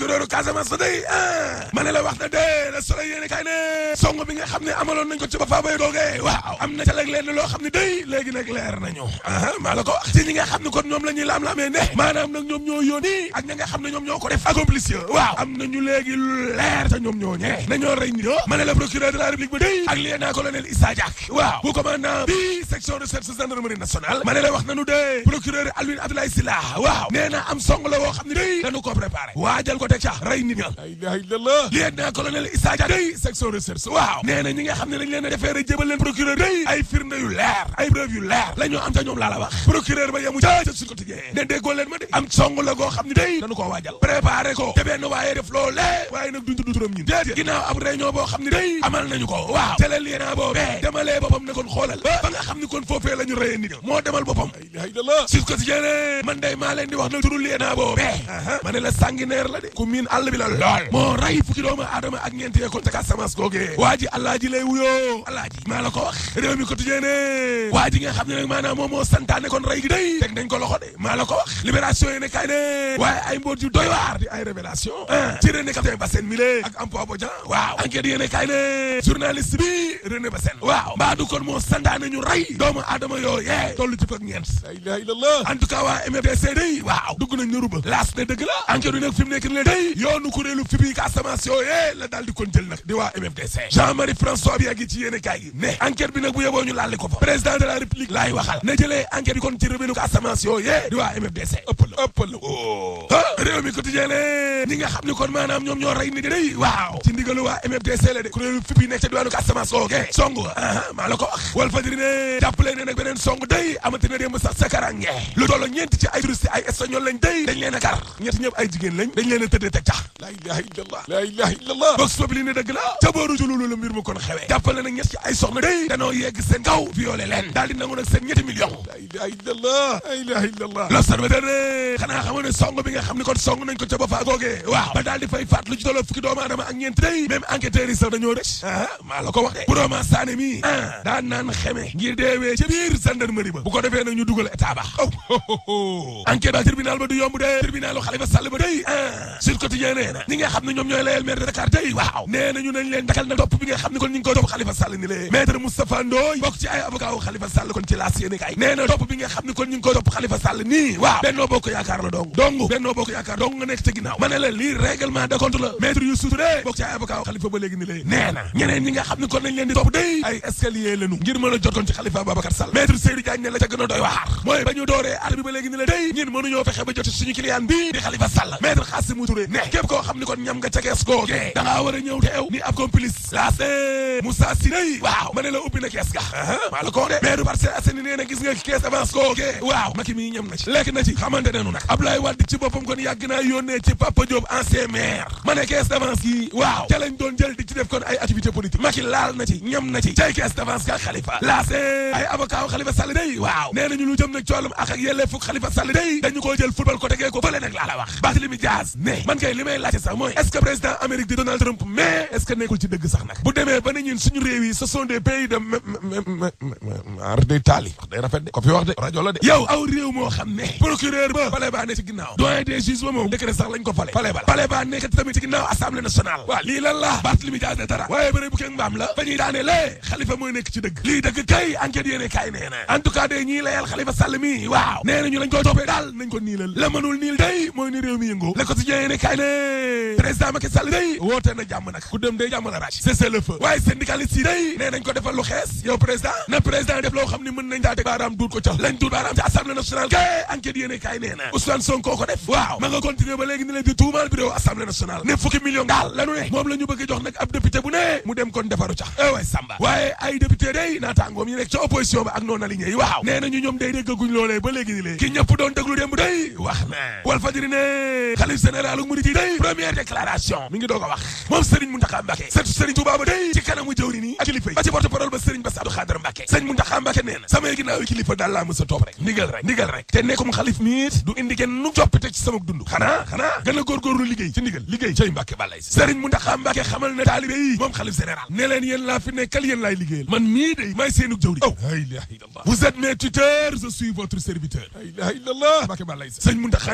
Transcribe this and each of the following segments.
procureur Casamance day ah ma ne la wax na de la solo yéene kay ne song bi nga xam ne amaloon nañ ko ci ba waaw am na ca lag leer nañu ah, la ñoom la ñuy laam-laamee ne maanaam ñoo yónni ak ñi nga xam ne ma ne la procureur de la république ba day ak lieutenant colonel Issa waaw ma ne la na am song la woo xam ne day dañu ko préparé waajal ko te ca rey nit ña la ilaha illallah colonel day section recherche waaw nee na nga xam ne dañ leen a defeere jébal leen procureur day ay firnde yu leer ay preuve yu leer la am ca ñoom laa la procureur ba yemu ca ca su ko ne déggoo leen ma de am song la goo xam ne day dañu ko waaw te la lienaa boobee boppam ne kon xoolal ba nga xam ne kon foofee la ñu nit ña moo demal boppam la ko tijjee man day maa leen di wax na turu lienaa boobee ma ne la sanguinaire ku miin àll bi la lool moo rey fukki doomu aadama ak ñeenti yeeko ca Casamance googee waa ji alaaji lay wuyoo alaaji maa la ko wax réew mi quotidien ne waa ji nga xam ne nag maanaam moom moo santaane kon rey gi day teg nañ ko loxo de maa la ko wax libération yi kay ne waaye ay mbóot yu doy waar di ay révélation ah ci René Capitaine Bassène mi le ak Ampoix Bodian waaw enquête yéene kay ne journaliste bi René Bassène waaw mbaa du kon moo santaane ñu ne day yoonu kuréelu FIPI Casamance yooyee la daal di kon jël nag di waa MFDC Jean Marie François bi yàgg ci yéene kaay gi ne enquête bi nag bu yeboo ñu laalli ko fa président de la république laay waxal na jëlee enquête yi kon ci rébellu Casamance yooyee di waa MFDC ëppal ëppal o oh. ah, réew mi quotidien ne ñi nga xam ne kon maanaam ñoom ñoo rey ni day waaw ci ndigalu waa MFDC la de kuréelu FIPI nekk ca diwaanu Casamance ooge song a ah, maa la ko wax wal fajiri ne a tëddee teg cax laa ilaha illallah laa ilaha illallah bos fob li ne dëgg la ca booru ci loolu la mbir mu kon xewee jàppale nag ñett ci ay soxna day danoo yegg seen kaw violé leen daal di nangu nag seen ñetti million laa ilaha illallah laa ilaha illallah l'observateur xanaa xamoon ne song bi nga xam ne kon song nañ ko ca ba faa googee waaw ba daal di fay faat lu ci toloo fukki doomu aadama ak ñeent day même enquêteurs yi sax dañoo rëcc ah maa la ko wax de bu doomaa saane mi ah daan naan xeme ngir deewee ci biir gendarmerie ba bu ko defee nag ñu dugal état ba oh, enquête ba tribunal ba du yomb de tribunalu Xalifa Sall ba day ah sur quotidien nee na ñi xam ne ñoom ñooy xam ne kon ñu ngi koy nii waaw bennoo bokk yaakaar la dong dong bennoo bokk yaakaar dong nekk ci ma ne la lii règlement de compte la maître Youssou Touré bokk ci ay ba léegi ni lee nee na xam ne kon nañ leen di topp day ay escalier lañu ngir mën a jot kon ci Khalifa Babacar Sall maître Seydou Diagne ne la ca gën doy waar mooy ba ñu dooree at ba léegi ni la day ñin mënuñoo fexe ba Touré ne képp koo xam ni kon ñam nga ca kees googe da ngaa war a ñëw teew ni ab complice laase Moussa Siréy waaw ma ne la ubbi na kees ga maa la ko de maire Parcelles Assainies nee na gis nga kees avance googe waaw Macky mi ñam na ci lekk na ci xamante nenu nag Abdoulaye Wade ci boppam kon yàgg naa yónnee ci Papa Diop ancien maire ma ne kees d'avance yi waaw ca lañ doon jël def kon ay activité politique Macky laal na ci ñam na ci cay kees d'avance ka Khalifa man kay li may laajte sax mooy est-ce que président Amérique di Donald Trump mais est-ce que nekkul ci dëgg sax nag bu demee ba ne ñun suñu réew yi ce sont des pays de mar de taali de ko fi wax de rajo la de yow sax lañ ko fale fale ba fale baa ci ginnaaw assemblée nationale waaw lii lan la Barthélémy Dias ne dara waaye bëre bu kee mbaam la fa ñuy daane lee kay enquête en tout cas de ñii layal xalifa Sall waaw nee ñu lañ koy toppee daal nañ ko yéene kaay ne président Macky Sall day woote na def waaw ma nga continuer ba léegi ni leen di tuumaal bureau assemblée nationale ne fukki million daal lanu ne moom la bëgg jox nag ab député bu ne mu dem kon defaru ca waay eh samba waaye ay député day naataangoom yi nekk ca opposition ba ak noon aligne yi waaw nee nañu ñoom day déggaguñ loolee ba léegi ni lee ki ñëpp doon déglu démb day wax na Walf Fadjri ne xalif général yoonu murid yi première déclaration mi ngi doog a wax moom Serigne Mountakha Mbacké seetu Serigne day ci kanamu jëwri nii ak kilifa ba ci porte parole ba Serigne Bass Abdou Khadre Mbacké Serigne Mountakha Mbacké nee na samay moom xalif général ne leen laa fi nekkal yéen laay liggéeyal man mii day maay seenu jëwri oh, vous êtes mes tuteurs je votre serviteur la ilaha illallah Mbacké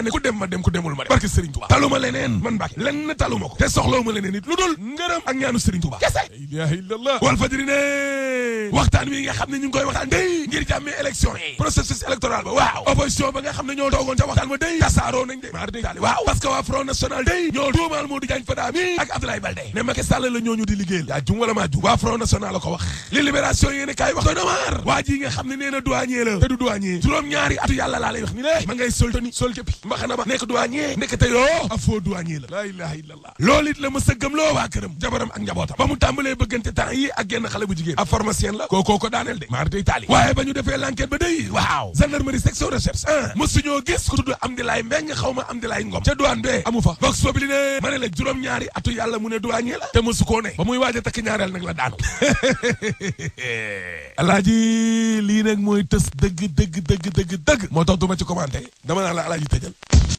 ne ku dem ma dem ku demul ma dem barke Serigne Touba ma leneen man Mbàkke lenn talu ma ko te soxlawu ma leneen it lu dul ngërëm ak ñaanu Serigne Touba kese la ilaha waxtaan wi nga xam ne ñu koy waxtaan day ngir jàmmi élection yi processus électoral ba waaw opposition ba nga xam ne ñoo toogoon ca waxtaan ba day tasaaroo nañ de maar day daali waaw parce que waa Front day ñoo duumaal Modou Diagne Keita mi ak Abdoulaye Baldé ne Macky Sall la ñooñu di liggéeyal yaa jum wala maa ju waa Front National la ma ngay toni sol jëppi mbaxana ba nekk douanier ndekete yoo a faux douanier la laa la ma sëggam loo waa këram jabaram ak njabootam ba mu tàmbalee bëggante temps yi ak genn xale bu jigéen ab pharmacienne la kookoo ko daaneel de maar day taali waaye ba ñu defee l'enquête ba day waaw gendarmerie section recherche un mësuñoo gis ku tudd Amdi Laay Mbeng xaw ma Amdi Laay Ngom ca douane bee amu fa vox populi ne ma ne la ñaari atu yàlla mu ne douanier la te mësu koo ne ba muy a takk ñaareel nag la daanu alaaji lii nag mooy tës dëgg dëgg dëgg dëgg dëgg moo tax du ma ci commenté dama naa la alaaji tëjal